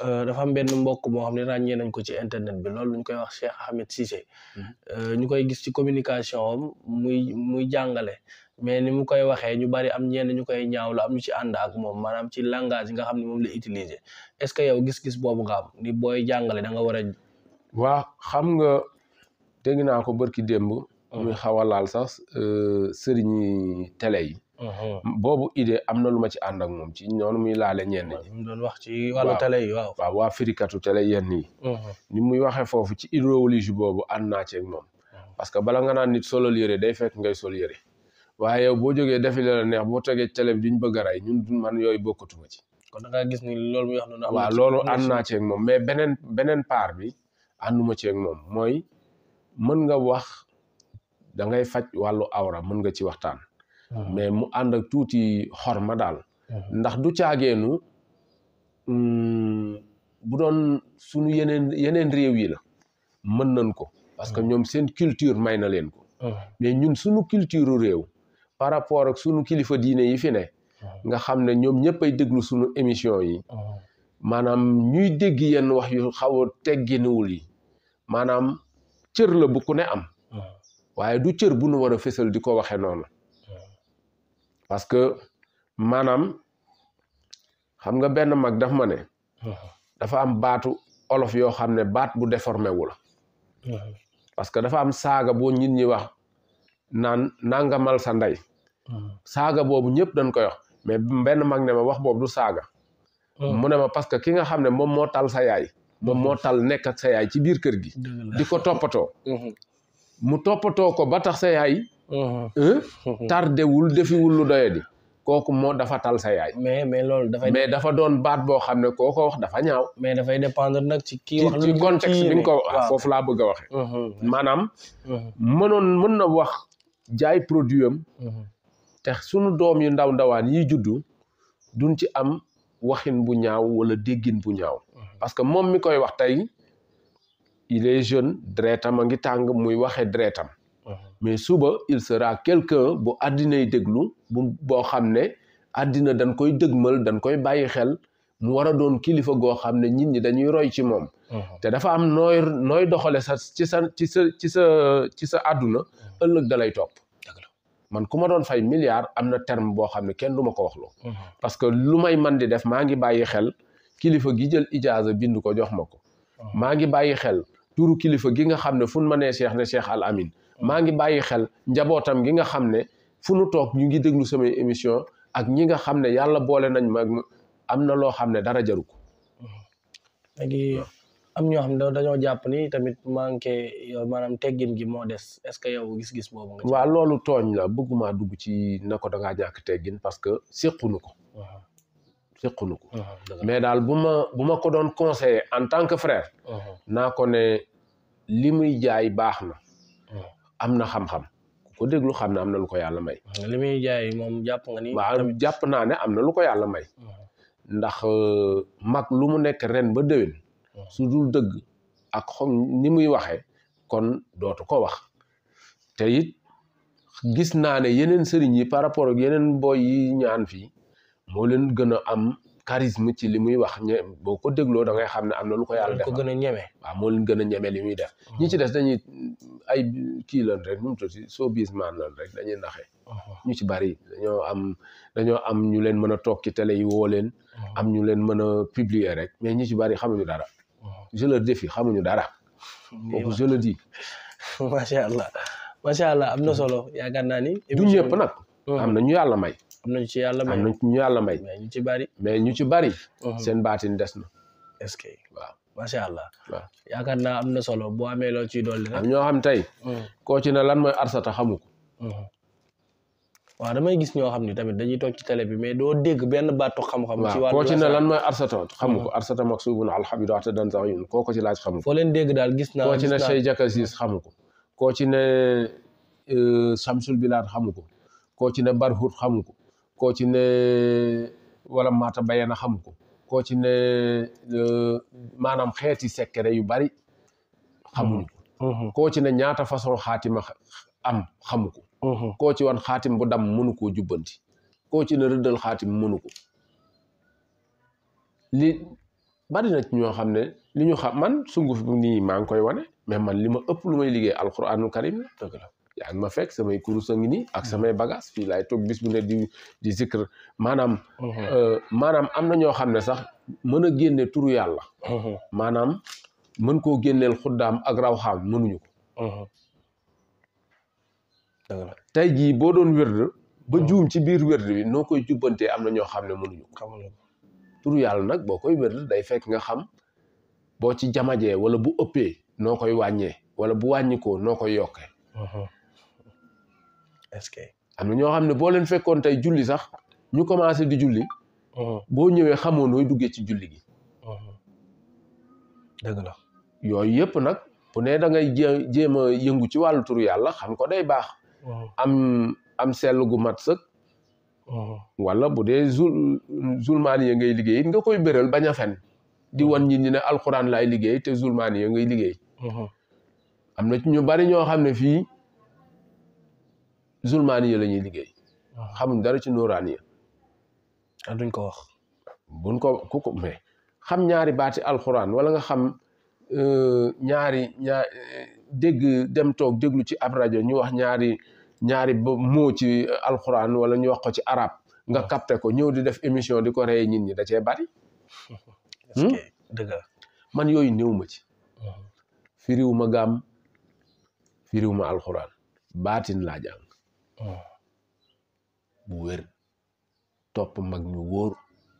Euh, dafa am benn mbokk moo xam ne ràññee nañ ko ci internet bi loolu ñu koy wax Cheikh Ahmed Cissé mhm. euh, ñu koy gis ci communication muy muy jàngale mais ni mu koy waxee ñu bari am ñenn ñu koy ñaaw la am ñu ci ànd ak moom maanaam ci langage yi nga xam ne moom la utiliser est-ce que yow gis-gis boobu nga ni booy jàngale da war a. waa xam nga dégg naa bër ki démb ñuy xaw a laal sax euh, sëriñi télé yi. boobu idée am na lu ma ci ànd ak moom ci noonu muy laale ñeen ñi. mu doon wax ci wàllu télé yi waaw. waaw waa firikatu télé yenn yi. ni muy waxee foofu ci idéologie boobu ànd naa ci ak moom. parce que bala nga naan nit solal yére day fekk ngay sol yére waaye yow boo jógee defi neex boo tegee télé bi duñ bëgg a rey ñun man yooyu bokkatuma ci. kon da ngaa gis ni loolu muy am waaw loolu ànd naa ci moom mais beneen beneen part bi ànduma ci ak moom mooy mën nga wax. da ngay faj wàllu awra mën nga ci waxtaan. mais mu ànd ak tuuti ma daal. ndax du caageenu mm, bu doon sunu yeneen yeneen réew yi la mën nañ ko. parce que ñoom seen culture may na leen ko. mais ñun sunu culture réew. par rapport ak sunu kilifa diine yi fi ne. nga xam ne ñoom ñëpp ay déglu sunu émission yi. maanaam ñuy dégg yenn wax yu xaw a tegginiwul yi maanaam cër la bu ku ne am. waaye du cër bu nu war a fësal di ko waxee noonu parce que maanaam xam nga benn mag daf ma ne dafa am baatu olof yoo xam ne baat bu déformé wu la parce que dafa am saaga boo nit ñi wax naan nangamal sa ndey saaga boobu ñëpp dañ koy wax mais benn mag ne ma wax boobu du saaga mu ne ma parce que ki nga xam ne moom moo tal sa yaay moom moo tal nekkat sa yaay ci biir kër gi di ko toppatoo mhm. mu toppatoo ko ba tax sa yaay. Uh-huh. tardewul defiwul lu doyadi. kooku moo dafa tal sa yaay. mais mais loolu dafay. mais dafa doon baat boo xam ne koo ko wax dafa ñaaw. mais dafay dépendre nag ci kii wax ci contexte bi nga ko wax foofu laa bëgg a waxee. Uh-huh. maanaam. Uh-huh. mënoon mën na wax jaay produit am. te sunu doom yu ndaw ndawaan yi juddu duñ ci am waxin bu ñaaw wala déggin bu ñaaw. parce moom mi koy wax tey il est jeune a ngi tàng muy waxee deretam mais suba il sera quelqu'un bu àddina yi déglu bu boo xam ne àddina dañ koy dëgmal dañ koy bàyyi xel mu war a doon kilifa goo xam ne nit ñi dañuy roy ci moom te dafa am nooy nooy doxale sa ci sa ci sa ci sa ci sa àdduna ëllëg da lay topp man ku ma doon fay milliard am na terme boo xam ne kenn du ma ko wax loo parce que lu may man di def maa ngi bàyyi xel kilifa gi jël ijaaza bind ko jox ma ko maa ngi bàyyi xel turu kilifa gi nga xam ne fu nu ma nee Cheikh ne Cheikh Al Amin maa ngi bàyyi xel njabootam gi nga xam ne fu nu toog ñu ngi déglu samay émission ak ñi nga xam ne yàlla boole nañ ma am na loo xam ne dara jaru ko. léegi am ñoo xam ne dañoo jàpp ni tamit manqué maanaam teggin gi moo des est-ce que yow gis-gis boobu nga. loolu tooñ la dugg ci na ko da ngaa teggin parce que séqunu ko. séqunu bu ma ko doon conseiller en tant que frère. naa ko ne li muy jaay baax na hmm. am na xam-xam ku ko déglu xam ne am na ko yàlla may. Hmm, li muy jaay moom jàpp ni. waaw jàpp naa ne am na lu ko yàlla may. Hmm. ndax euh, mag lu mu nekk ren ba déwén. su dul dëgg ak xom ni muy waxee kon dootu ko wax te it gis naa ne yeneen sëriñ yi par rapport ak yeneen boy yi ñaan fii moo leen gën a am charisme ci li muy wax ñe boo ko dégloo da ngay xam ne am na lu ko yàlla def ko gën a ñeme waaw moo leen gën a ñeme li def ñi ci des dañuy ay kii lan rek nu mu tudd rek dañuy naxe ñu ci bari dañoo am dañoo am ñu leen mën a toog ci yi woo leen am ñu leen mën a publier rek mais ñi ci bari xamuñu dara je le défie xamuñu dara kooku je le dis macha allah am na hmm. solo yaakaar naa ni du ñëpp nag hmm. am na ñu yàlla may am nañu ci yàlla may am nañu ñu yàlla ñu ci bari. mais ñu ci bari. seen baatin des na. est-ce waaw. macha allah waaw yaakaar naa am na solo boo amee loo ciy dolli rek. ñoo xam tey. koo ci ne lan mooy arsata xamu ko. waaw damay gis ñoo xam ni tamit dañuy toog ci télé bi mais doo dégg benn baatu xam-xam. ci wàllu koo ci ne lan mooy arsata xamu ko arsata maksubun alhamdu waxta dan sax yun koo ko ci laaj xamu ko. foo leen dégg daal gis naa koo ci ne Cheikh Jakasis xamu ko. koo ci ne euh, Samsul Bilaat xamu ko. koo ci ne Barhut xamu ko. koo ci ne wala maata bayana xam ko koo ci ne euh, maanaam xeeti secret yu bari xamuñu ko mm-hmm. Mm-hmm. ci ne ñaata façon xaatima am xamu ko mm-hmm. ci wan xaatim bu dam mënu koo jubbanti ci ne rëddal xaatim mënu ko li bari na ci ñoo xam ne li ñu xam man sunguf nii maa ngi koy wane mais man li ma ëpp lu may liggéey alquranul karim yaa ngi ma fekk samay kurus a ngi nii ak hmm. samay bagage fii laay toog bis di di zikr maanaam hmm. euh, maanaam am na ñoo xam ne sax mën a génne turu yàlla hmm. maanaam mën koo génneel xuddaam ak raw xaam mënuñu ko tey jii boo doon wérd ba juum ci biir wérd bi noo koy jubbantee am na ñoo xam ne mënuñu ko turu yàlla nag boo koy wérd day fekk nga xam boo ci jamajee wala bu ëppee noo koy wàññee wala bu wàññikoo noo koy yokkee est-ce que am na ñoo xam ne boo leen fekkoon tey julli sax ñu commencé di julli. Uh-huh. boo ñëwee xamoo nooy duggee ci julli gi. Uh-huh. dëgg yooyu yëpp nag bu ne da ngay jéem a yëngu ci wàllu turu yàlla xam ko day baax. Uh-huh. am am sell gu mat sëg. walla bu dee zul zulmaan ya ngay liggéey nga koy bëral bañ a fen di wan ñi ñi ne alxuraan laay liggéey te zulmaan ya ngay liggéey. am na ñu bari ñoo xam ne fii. zulmaaniya la ñuy liggéey. Ah. xamuñ dara ci nooraaniya. ah duñ ko wax. buñ ko ku ko mais xam ñaari baati alxuraan wala nga xam euh, ñaari ñaar dem toog déglu ci ab rajo ñu wax ñaari ñaari ba moo ci alxuraan wala ñu wax ko ci arab nga ah. capté ko ñëw di def émission di ko rey nit ñi da cee bari. Hmm? dëgg man yooyu néew ma ci. Ah. firiw ma gàmm firiw ma alxuraan baatin laa Oh. bu wér topp mag ñu wóor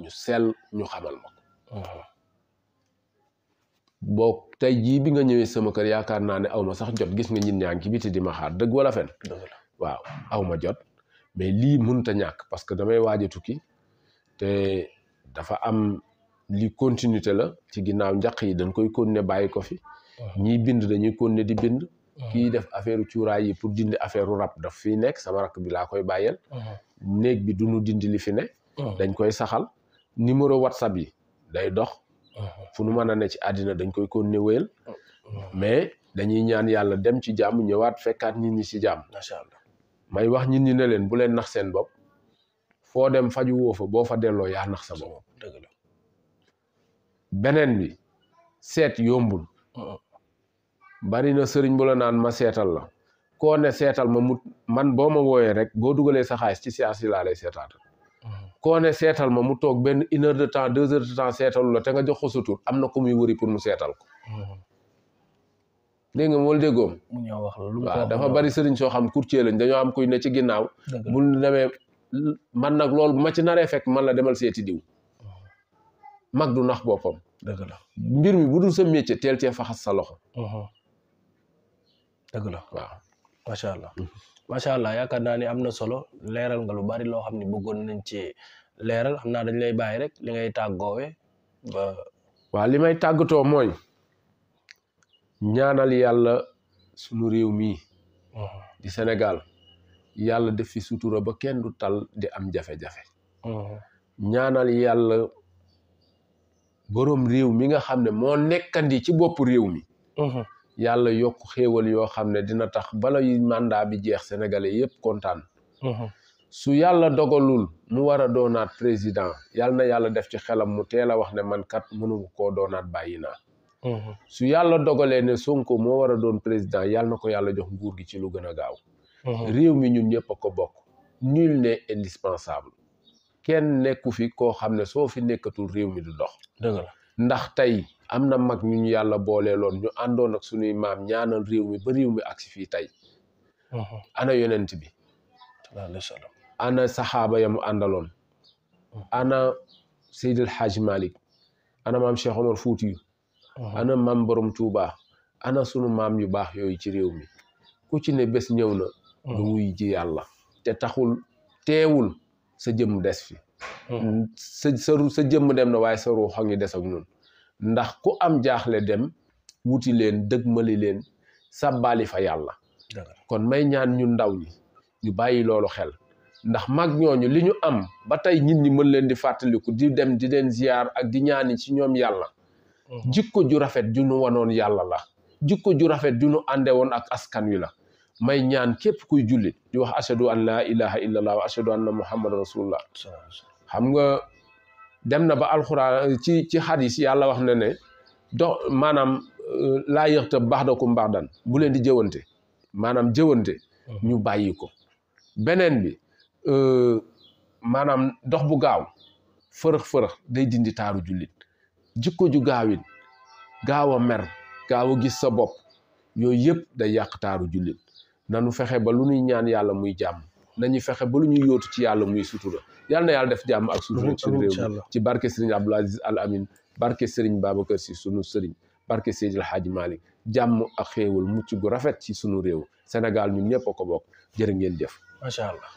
ñu sell ñu xamal ma ko oh. boo tey jii bi nga ñëwee sama kër yaakaar naa ne aw ma sax jot gis nga ñin ñaa ngi ci biti di ma xaar dëgg wala fen waaw aw ma jot mais lii mënut a ñàkk parce que damay waaj tukki te dafa am li continuité la ci ginnaaw njaq yi dañ koy continuer bàyyi ko fi oh. ñiy bind dañuy continuer di bind kii def affaire cuuraay yi pour dindi affaire rab daf fii nekk sama rakk bi laa koy bàyyeel néeg bi duñu dindi li fi ne dañ koy saxal numéro whatsapp yi day dox fu nu mën a ne ci àddina dañ koy continuer wéyal oh, oh. mais dañuy ñaan yàlla dem ci jàmm ñëwaat fekkaat nit ñi ci jàmm macha allah may wax nit ñi ne leen bu leen nax seen bopp foo dem faju woo fa boo fa delloo yaa nax sa bopp dëgg la beneen bi seet yombul oh, bari na sëriñ bu la naan ma seetal la koo ne seetal ma mu man boo ma wooyee rek boo dugalee sa ci séance yi laa lay seetaatal mm-hmm. koo ne seetal ma mu toog benn une heure de temps deux heures de temps seetalu la te nga jox ko sa am na ko muy wëri pour mu seetal ko mm-hmm. dégg nga wala déggoom mu la lu dafa bari sëriñ soo xam courtier lañ dañoo am kuy ne ci ginnaaw bu demee man nag loolu bu ma ci naree fekk man la demal seeti diw mm-hmm. mag du nax boppam dëgg mbir mi bu dul sa métier teel cee faxas sa loxo dëgg waaw macha allah. Mm-hmm. macha allah yaakaar naa ni am na solo leeral nga lu bari loo xam ne bëggoon nañ ci leeral xam naa dañ lay bàyyi rek li ngay tàggoowee ba. waaw li may tàggatoo mooy ñaanal yàlla sunu réew mii. Mm-hmm. di Sénégal yàlla def fi sutura ba kenn du tal di am jafe-jafe. Mm-hmm. ñaanal yàlla boroom réew mi nga xam ne moo nekkandi ci bopp réew mi. yàlla yokk xéewal yoo xam ne dina tax bala yu mandat bi jeex sénégalais yëpp kontaan. Mhm. su yàlla dogalul mu war a doonaat président yal na yàlla def ci xelam mu teel a wax ne man kat mënu koo doonaat bàyyi naa. Mhm. su yàlla dogalee ne Sonko moo war a doon président yal na ko yàlla jox nguur gi ci lu gën a gaaw. Mhm. réew mi ñun ñëpp a ko bokk. nul ne indispensable. kenn nekku fi koo xam ne soo fi nekkatul réew mi du dox. ndax tey. am na mag ñu ñu yàlla boolee loon ñu àndoon ak suñuy maam ñaanal réew mi ba réew mi agsi fii tey uh-huh. ana yonent bi ana saxaaba ya mu àndaloon uh-huh. ana Seydil Hadji Malick ana maam Cheikh Fuuti yu uh-huh. ana maam borom Touba ana sunu maam yu baax yooyu ci réew mi ku ci ne bés ñëw na lu wuy ji yàlla te taxul teewul sa jëmm des fi sa sa jëmm dem na waaye sa ruux a ngi ndax ku am jaaxle dem wuti leen dëgmali leen sàbbaali fa yàlla kon may ñaan ñu ndaw ñi ñu bàyyi loolu xel ndax mag ñooñu li ñu am ba tey nit ñi mën leen di fàttaliku di dem di leen ziyaar ak di ñaani ci ñoom yàlla mhm. jikko ju rafet ju nu wanoon yàlla la jikko ju rafet ju nu ànde woon ak askan wi la may ñaan képp kuy jullit di wax ashadu an laa ilaha illa allah wa ashadu anna muhammadan rasulullah xam nga dem na ba alxuraan ci ci xadis yàlla wax na ne dox maanaam euh, laa yëxta baax da ku mbaax dan bu leen di jëwante maanaam jëwante mhm. ñu bàyyi ko beneen bi euh, maanaam dox bu gaaw fërëx-fërëx day dindi taaru jullit jikko ju gaawin gaaw a mer gaaw a gis sa bopp yooyu yëpp day yàq taaru jullit nanu fexe ba lu ñuy ñaan yàlla muy jàmm nañu fexe ba lu ñuy yóotu ci yàlla muy sutura yàlla na yàlla def jàmm ak sutura ci ci barke Serigne Abdoul Aziz Al Amin barke Serigne Babacar Sy sunu Serigne barke la Hadji Malick jàmm ak xéewal mucc gu rafet ci sunu réew Sénégal ñun ñëpp a ko bokk jërë ngeen jëf macha allah